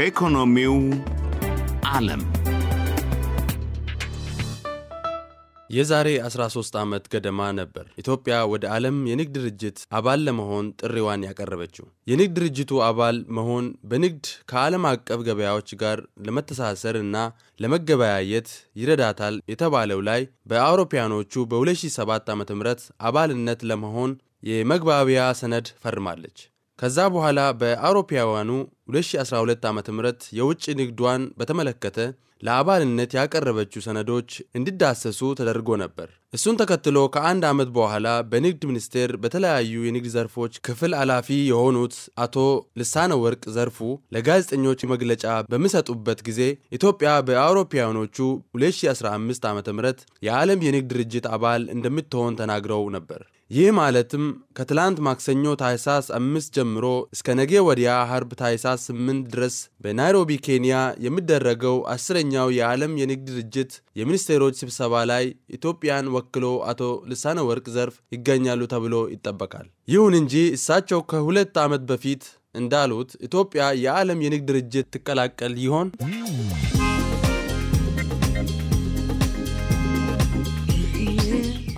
ከኢኮኖሚው ዓለም የዛሬ 13 ዓመት ገደማ ነበር ኢትዮጵያ ወደ ዓለም የንግድ ድርጅት አባል ለመሆን ጥሪዋን ያቀረበችው። የንግድ ድርጅቱ አባል መሆን በንግድ ከዓለም አቀፍ ገበያዎች ጋር ለመተሳሰር እና ለመገበያየት ይረዳታል የተባለው ላይ በአውሮፓያኖቹ በ2007 ዓ.ም አባልነት ለመሆን የመግባቢያ ሰነድ ፈርማለች። ከዛ በኋላ በአውሮፓውያኑ 2012 ዓ ም የውጭ ንግዷን በተመለከተ ለአባልነት ያቀረበችው ሰነዶች እንዲዳሰሱ ተደርጎ ነበር። እሱን ተከትሎ ከአንድ ዓመት በኋላ በንግድ ሚኒስቴር በተለያዩ የንግድ ዘርፎች ክፍል ኃላፊ የሆኑት አቶ ልሳነ ወርቅ ዘርፉ ለጋዜጠኞች መግለጫ በሚሰጡበት ጊዜ ኢትዮጵያ በአውሮፓውያኖቹ 2015 ዓ ም የዓለም የንግድ ድርጅት አባል እንደምትሆን ተናግረው ነበር። ይህ ማለትም ከትላንት ማክሰኞ ታይሳስ አምስት ጀምሮ እስከ ነጌ ወዲያ ሀርብ ታይሳስ ስምንት ድረስ በናይሮቢ ኬንያ የሚደረገው አስረኛው የዓለም የንግድ ድርጅት የሚኒስቴሮች ስብሰባ ላይ ኢትዮጵያን ወክሎ አቶ ልሳነ ወርቅ ዘርፍ ይገኛሉ ተብሎ ይጠበቃል። ይሁን እንጂ እሳቸው ከሁለት ዓመት በፊት እንዳሉት ኢትዮጵያ የዓለም የንግድ ድርጅት ትቀላቀል ይሆን?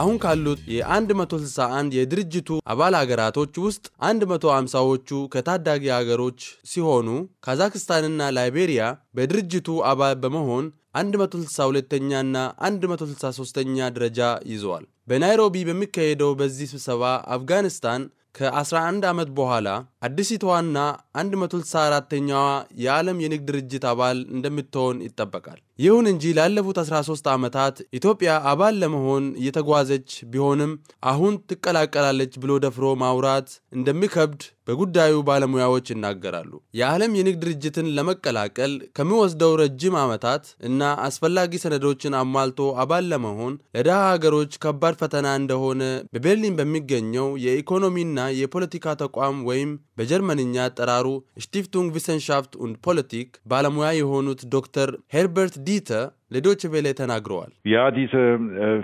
አሁን ካሉት የ161 የድርጅቱ አባል ሀገራቶች ውስጥ 150ዎቹ ከታዳጊ ሀገሮች ሲሆኑ ካዛክስታንና ላይቤሪያ በድርጅቱ አባል በመሆን 162ኛና 163ኛ ደረጃ ይዘዋል። በናይሮቢ በሚካሄደው በዚህ ስብሰባ አፍጋኒስታን ከ11 ዓመት በኋላ አዲሲቷና 164ኛዋ የዓለም የንግድ ድርጅት አባል እንደምትሆን ይጠበቃል። ይሁን እንጂ ላለፉት 13 ዓመታት ኢትዮጵያ አባል ለመሆን እየተጓዘች ቢሆንም አሁን ትቀላቀላለች ብሎ ደፍሮ ማውራት እንደሚከብድ በጉዳዩ ባለሙያዎች ይናገራሉ። የዓለም የንግድ ድርጅትን ለመቀላቀል ከሚወስደው ረጅም ዓመታት እና አስፈላጊ ሰነዶችን አሟልቶ አባል ለመሆን ለደሃ ሀገሮች ከባድ ፈተና እንደሆነ በቤርሊን በሚገኘው የኢኮኖሚና የፖለቲካ ተቋም ወይም በጀርመንኛ አጠራሩ ስቲፍቱንግ ቪሰንሻፍት und ፖለቲክ ባለሙያ የሆኑት ዶክተር ሄርበርት ዲተ ለዶች ቬሌ ተናግረዋል። äh,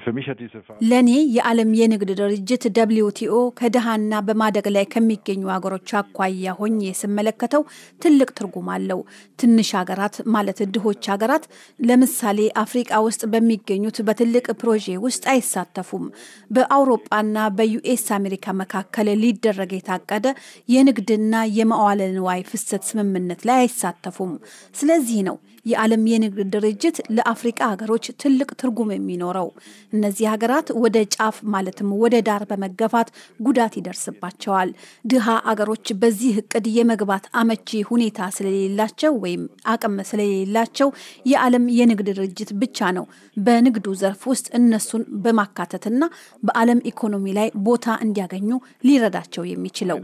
ለእኔ የዓለም የንግድ ድርጅት ደብሊው ቲኦ ከድሃና በማደግ ላይ ከሚገኙ ሀገሮች አኳያ ሆኜ ስመለከተው ትልቅ ትርጉም አለው። ትንሽ ሀገራት ማለት ድሆች ሀገራት ለምሳሌ አፍሪቃ ውስጥ በሚገኙት በትልቅ ፕሮጄ ውስጥ አይሳተፉም። በአውሮጳና በዩኤስ አሜሪካ መካከል ሊደረግ የታቀደ የንግድና የመዋለ ንዋይ ፍሰት ስምምነት ላይ አይሳተፉም። ስለዚህ ነው የዓለም የንግድ ድርጅት ለአፍሪቃ ሀገሮች ትልቅ ትርጉም የሚኖረው እነዚህ ሀገራት ወደ ጫፍ ማለትም ወደ ዳር በመገፋት ጉዳት ይደርስባቸዋል። ድሃ አገሮች በዚህ እቅድ የመግባት አመቺ ሁኔታ ስለሌላቸው ወይም አቅም ስለሌላቸው የዓለም የንግድ ድርጅት ብቻ ነው በንግዱ ዘርፍ ውስጥ እነሱን በማካተትና በዓለም ኢኮኖሚ ላይ ቦታ እንዲያገኙ ሊረዳቸው የሚችለው።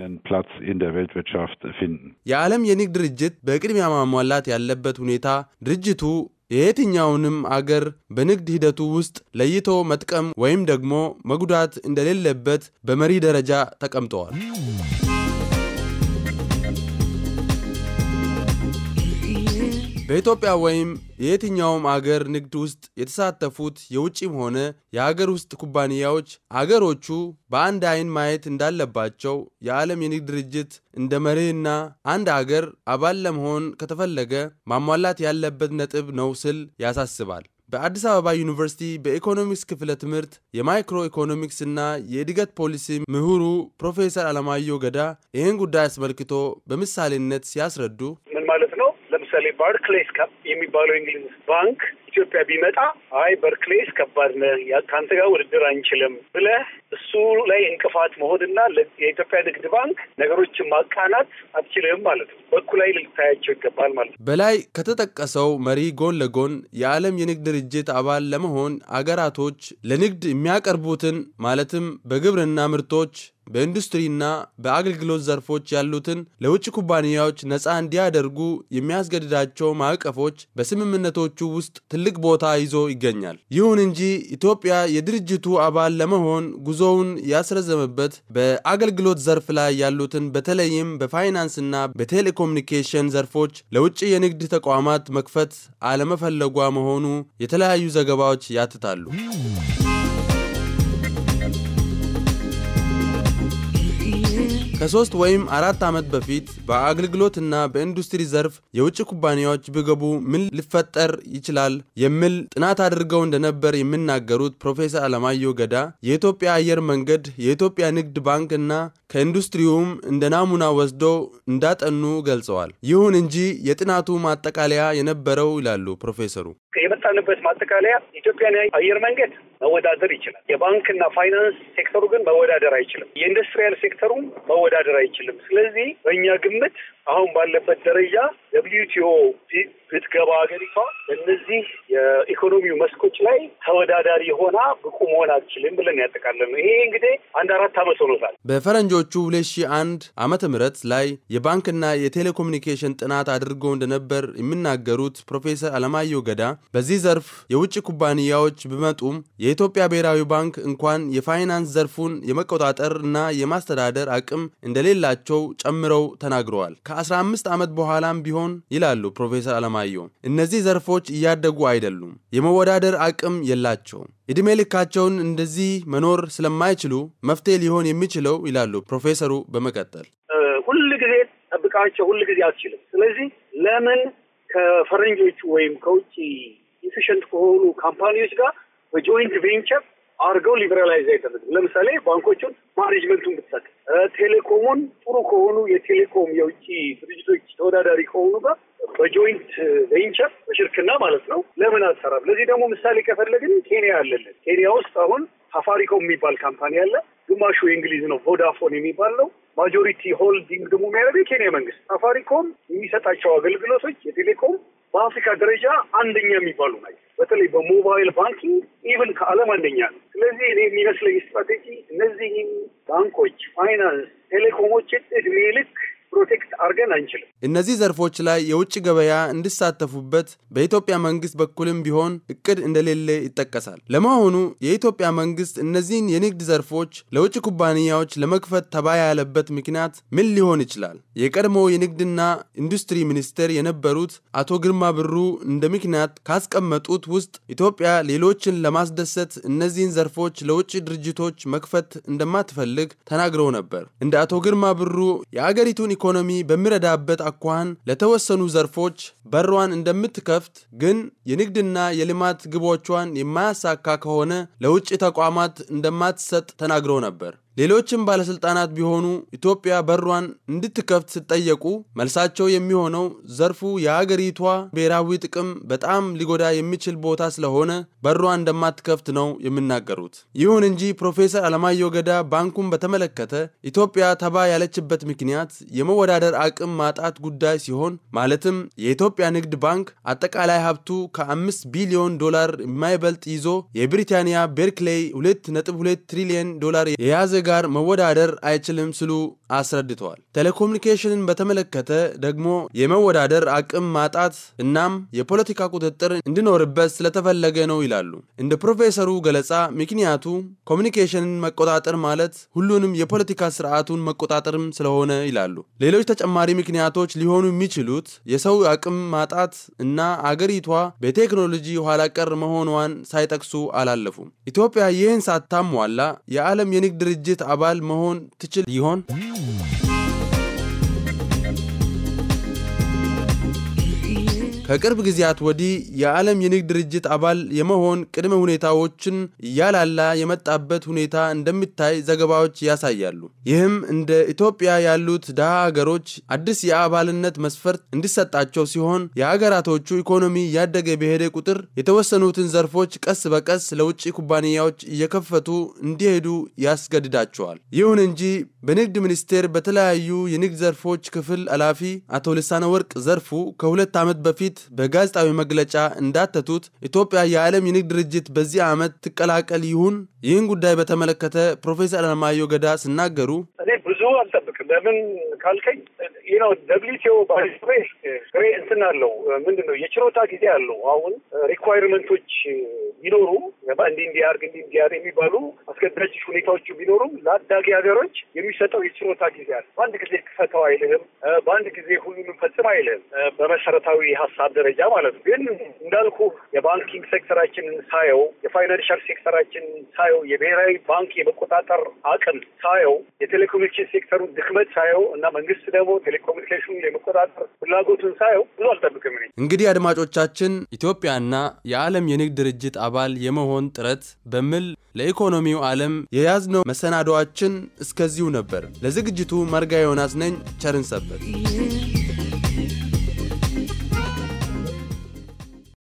የዓለም የንግድ ድርጅት በቅድሚያ ማሟላት ያለበት ሁኔታ ድርጅቱ የየትኛውንም አገር በንግድ ሂደቱ ውስጥ ለይቶ መጥቀም ወይም ደግሞ መጉዳት እንደሌለበት በመሪ ደረጃ ተቀምጠዋል። በኢትዮጵያ ወይም የየትኛውም አገር ንግድ ውስጥ የተሳተፉት የውጭም ሆነ የአገር ውስጥ ኩባንያዎች አገሮቹ በአንድ አይን ማየት እንዳለባቸው የዓለም የንግድ ድርጅት እንደ መርህና አንድ አገር አባል ለመሆን ከተፈለገ ማሟላት ያለበት ነጥብ ነው ስል ያሳስባል። በአዲስ አበባ ዩኒቨርሲቲ በኢኮኖሚክስ ክፍለ ትምህርት የማይክሮ ኢኮኖሚክስ እና የእድገት ፖሊሲ ምሁሩ ፕሮፌሰር አለማየሁ ገዳ ይህን ጉዳይ አስመልክቶ በምሳሌነት ሲያስረዱ ምን ማለት ነው? ባርክሌስ የሚባለው እንግሊዝ ባንክ ኢትዮጵያ ቢመጣ አይ በርክሌስ ከባድ ነ ከአንተ ጋር ውድድር አንችልም ብለ እሱ ላይ እንቅፋት መሆንና የኢትዮጵያ ንግድ ባንክ ነገሮችን ማቃናት አትችልም ማለት ነው። በኩ ላይ ልታያቸው ይገባል ማለት ነው። በላይ ከተጠቀሰው መሪ ጎን ለጎን የዓለም የንግድ ድርጅት አባል ለመሆን አገራቶች ለንግድ የሚያቀርቡትን ማለትም በግብርና ምርቶች በኢንዱስትሪና በአገልግሎት ዘርፎች ያሉትን ለውጭ ኩባንያዎች ነፃ እንዲያደርጉ የሚያስገድዳቸው ማዕቀፎች በስምምነቶቹ ውስጥ ትልቅ ቦታ ይዞ ይገኛል። ይሁን እንጂ ኢትዮጵያ የድርጅቱ አባል ለመሆን ጉዞውን ያስረዘመበት በአገልግሎት ዘርፍ ላይ ያሉትን በተለይም በፋይናንስና በቴሌኮሙኒኬሽን ዘርፎች ለውጭ የንግድ ተቋማት መክፈት አለመፈለጓ መሆኑ የተለያዩ ዘገባዎች ያትታሉ። ከሶስት ወይም አራት ዓመት በፊት በአገልግሎትና በኢንዱስትሪ ዘርፍ የውጭ ኩባንያዎች ቢገቡ ምን ሊፈጠር ይችላል የሚል ጥናት አድርገው እንደነበር የሚናገሩት ፕሮፌሰር አለማየሁ ገዳ የኢትዮጵያ አየር መንገድ፣ የኢትዮጵያ ንግድ ባንክ እና ከኢንዱስትሪውም እንደ ናሙና ወስዶ እንዳጠኑ ገልጸዋል። ይሁን እንጂ የጥናቱ ማጠቃለያ የነበረው ይላሉ ፕሮፌሰሩ የመጣንበት ማጠቃለያ ኢትዮጵያን አየር መንገድ መወዳደር ይችላል። የባንክና ፋይናንስ ሴክተሩ ግን መወዳደር አይችልም። የኢንዱስትሪያል ሴክተሩም መወዳደር አይችልም። ስለዚህ በእኛ ግምት አሁን ባለበት ደረጃ ደብሊዩቲኦ ብትገባ ሀገሪቷ እነዚህ የኢኮኖሚው መስኮች ላይ ተወዳዳሪ ሆና ብቁ መሆን አትችልም ብለን ያጠቃለ ነው። ይሄ እንግዲህ አንድ አራት ዓመት ሆኖታል። በፈረንጆቹ ሁለት ሺህ አንድ ዓመተ ምህረት ላይ የባንክና የቴሌኮሙኒኬሽን ጥናት አድርጎ እንደነበር የሚናገሩት ፕሮፌሰር አለማየሁ ገዳ በዚህ ዘርፍ የውጭ ኩባንያዎች ቢመጡም የኢትዮጵያ ብሔራዊ ባንክ እንኳን የፋይናንስ ዘርፉን የመቆጣጠር እና የማስተዳደር አቅም እንደሌላቸው ጨምረው ተናግረዋል። ከ አምስት ዓመት በኋላም ቢሆን ይላሉ ፕሮፌሰር አለማየሁ፣ እነዚህ ዘርፎች እያደጉ አይደሉም፣ የመወዳደር አቅም የላቸውም። ዕድሜ ልካቸውን እንደዚህ መኖር ስለማይችሉ መፍትሄ ሊሆን የሚችለው ይላሉ ፕሮፌሰሩ በመቀጠል ሁል ጊዜ ጠብቃቸው ሁል ጊዜ አትችልም። ስለዚህ ለምን ከፈረንጆቹ ወይም ከውጭ ኢፊሽንት ከሆኑ ካምፓኒዎች ጋር በጆይንት ቬንቸር አድርገው ሊበራላይዝ አይደረግም። ለምሳሌ ባንኮቹን ማኔጅመንቱን ቴሌኮሙን ጥሩ ከሆኑ የቴሌኮም የውጭ ድርጅቶች ተወዳዳሪ ከሆኑ ጋር በጆይንት ቬንቸር በሽርክና ማለት ነው ለምን አትሰራም? ለዚህ ደግሞ ምሳሌ ከፈለግን ኬንያ አለለን። ኬንያ ውስጥ አሁን ሳፋሪኮም የሚባል ካምፓኒ አለ። ግማሹ የእንግሊዝ ነው፣ ቮዳፎን የሚባል ነው። ማጆሪቲ ሆልዲንግ ደግሞ የሚያደርገው የኬንያ መንግስት። ሳፋሪኮም የሚሰጣቸው አገልግሎቶች የቴሌኮም በአፍሪካ ደረጃ አንደኛ የሚባሉ ናቸው። በተለይ በሞባይል ባንኪንግ ኢቨን ከዓለም አንደኛ ነው። ስለዚህ እኔ የሚመስለኝ ስትራቴጂ እነዚህም ባንኮች፣ ፋይናንስ፣ ቴሌኮሞችን እድሜ ልክ ፕሮቴክት አድርገን አንችልም። እነዚህ ዘርፎች ላይ የውጭ ገበያ እንዲሳተፉበት በኢትዮጵያ መንግስት በኩልም ቢሆን እቅድ እንደሌለ ይጠቀሳል። ለመሆኑ የኢትዮጵያ መንግስት እነዚህን የንግድ ዘርፎች ለውጭ ኩባንያዎች ለመክፈት ተባ ያለበት ምክንያት ምን ሊሆን ይችላል? የቀድሞ የንግድና ኢንዱስትሪ ሚኒስቴር የነበሩት አቶ ግርማ ብሩ እንደ ምክንያት ካስቀመጡት ውስጥ ኢትዮጵያ ሌሎችን ለማስደሰት እነዚህን ዘርፎች ለውጭ ድርጅቶች መክፈት እንደማትፈልግ ተናግረው ነበር። እንደ አቶ ግርማ ብሩ የአገሪቱን ኢኮኖሚ በሚረዳበት አኳን ለተወሰኑ ዘርፎች በሯን እንደምትከፍት ግን የንግድና የልማት ግቦቿን የማያሳካ ከሆነ ለውጭ ተቋማት እንደማትሰጥ ተናግሮ ነበር። ሌሎችም ባለሥልጣናት ቢሆኑ ኢትዮጵያ በሯን እንድትከፍት ሲጠየቁ መልሳቸው የሚሆነው ዘርፉ የአገሪቷ ብሔራዊ ጥቅም በጣም ሊጎዳ የሚችል ቦታ ስለሆነ በሯን እንደማትከፍት ነው የሚናገሩት። ይሁን እንጂ ፕሮፌሰር አለማየሁ ገዳ ባንኩን በተመለከተ ኢትዮጵያ ተባ ያለችበት ምክንያት የመወዳደር አቅም ማጣት ጉዳይ ሲሆን ማለትም የኢትዮጵያ ንግድ ባንክ አጠቃላይ ሀብቱ ከአምስት ቢሊዮን ዶላር የማይበልጥ ይዞ የብሪታንያ ቤርክሌይ 2.2 ትሪሊየን ዶላር የያዘ ጋር መወዳደር አይችልም ሲሉ አስረድተዋል። ቴሌኮሙኒኬሽንን በተመለከተ ደግሞ የመወዳደር አቅም ማጣት እናም የፖለቲካ ቁጥጥር እንዲኖርበት ስለተፈለገ ነው ይላሉ። እንደ ፕሮፌሰሩ ገለጻ ምክንያቱ ኮሚኒኬሽንን መቆጣጠር ማለት ሁሉንም የፖለቲካ ስርዓቱን መቆጣጠርም ስለሆነ ይላሉ። ሌሎች ተጨማሪ ምክንያቶች ሊሆኑ የሚችሉት የሰው አቅም ማጣት እና አገሪቷ በቴክኖሎጂ ኋላ ቀር መሆኗን ሳይጠቅሱ አላለፉም። ኢትዮጵያ ይህን ሳታሟላ የዓለም የንግድ ድርጅት አባል መሆን ትችል ይሆን? ከቅርብ ጊዜያት ወዲህ የዓለም የንግድ ድርጅት አባል የመሆን ቅድመ ሁኔታዎችን እያላላ የመጣበት ሁኔታ እንደሚታይ ዘገባዎች ያሳያሉ። ይህም እንደ ኢትዮጵያ ያሉት ድሃ ሀገሮች አዲስ የአባልነት መስፈርት እንዲሰጣቸው ሲሆን የሀገራቶቹ ኢኮኖሚ እያደገ በሄደ ቁጥር የተወሰኑትን ዘርፎች ቀስ በቀስ ለውጭ ኩባንያዎች እየከፈቱ እንዲሄዱ ያስገድዳቸዋል። ይሁን እንጂ በንግድ ሚኒስቴር በተለያዩ የንግድ ዘርፎች ክፍል ኃላፊ አቶ ልሳነ ወርቅ ዘርፉ ከሁለት ዓመት በፊት በጋዜጣዊ መግለጫ እንዳተቱት ኢትዮጵያ የዓለም የንግድ ድርጅት በዚህ ዓመት ትቀላቀል ይሁን? ይህን ጉዳይ በተመለከተ ፕሮፌሰር አለማየሁ ገዳ ሲናገሩ እኔ ብዙ አልጠብቅም። ለምን ካልከኝ ነው ደብሊውቲኦ ባሬ እንትን አለው ምንድን ነው የችሮታ ጊዜ አለው። አሁን ሪኳይርመንቶች ቢኖሩ እንዲህ እንዲያርግ እንዲህ እንዲያር የሚባሉ አስገዳጅ ሁኔታዎቹ ቢኖሩም ለአዳጊ ሀገሮች የሚሰጠው የችሮታ ጊዜ አለ። በአንድ ጊዜ ክፈተው አይልህም፣ በአንድ ጊዜ ሁሉንም ፈጽም አይልህም። በመሰረታዊ ሀሳብ ደረጃ ማለት ነው። ግን እንዳልኩ የባንኪንግ ሴክተራችንን ሳየው፣ የፋይናንሻል ሴክተራችንን ሳየው፣ የብሔራዊ ባንክ የመቆጣጠር አቅም ሳየው፣ የቴሌኮሙኒኬሽን ሴክተር የፈጠሩት ድክመት ሳየው እና መንግስት ደግሞ ቴሌኮሙኒኬሽኑ የመቆጣጠር ፍላጎቱን ሳየው ብዙ አልጠብቅም። እንግዲህ አድማጮቻችን ኢትዮጵያና የዓለም የንግድ ድርጅት አባል የመሆን ጥረት በሚል ለኢኮኖሚው ዓለም የያዝነው መሰናዶዋችን እስከዚሁ ነበር። ለዝግጅቱ መርጋ ዮናስ ነኝ። ቸርን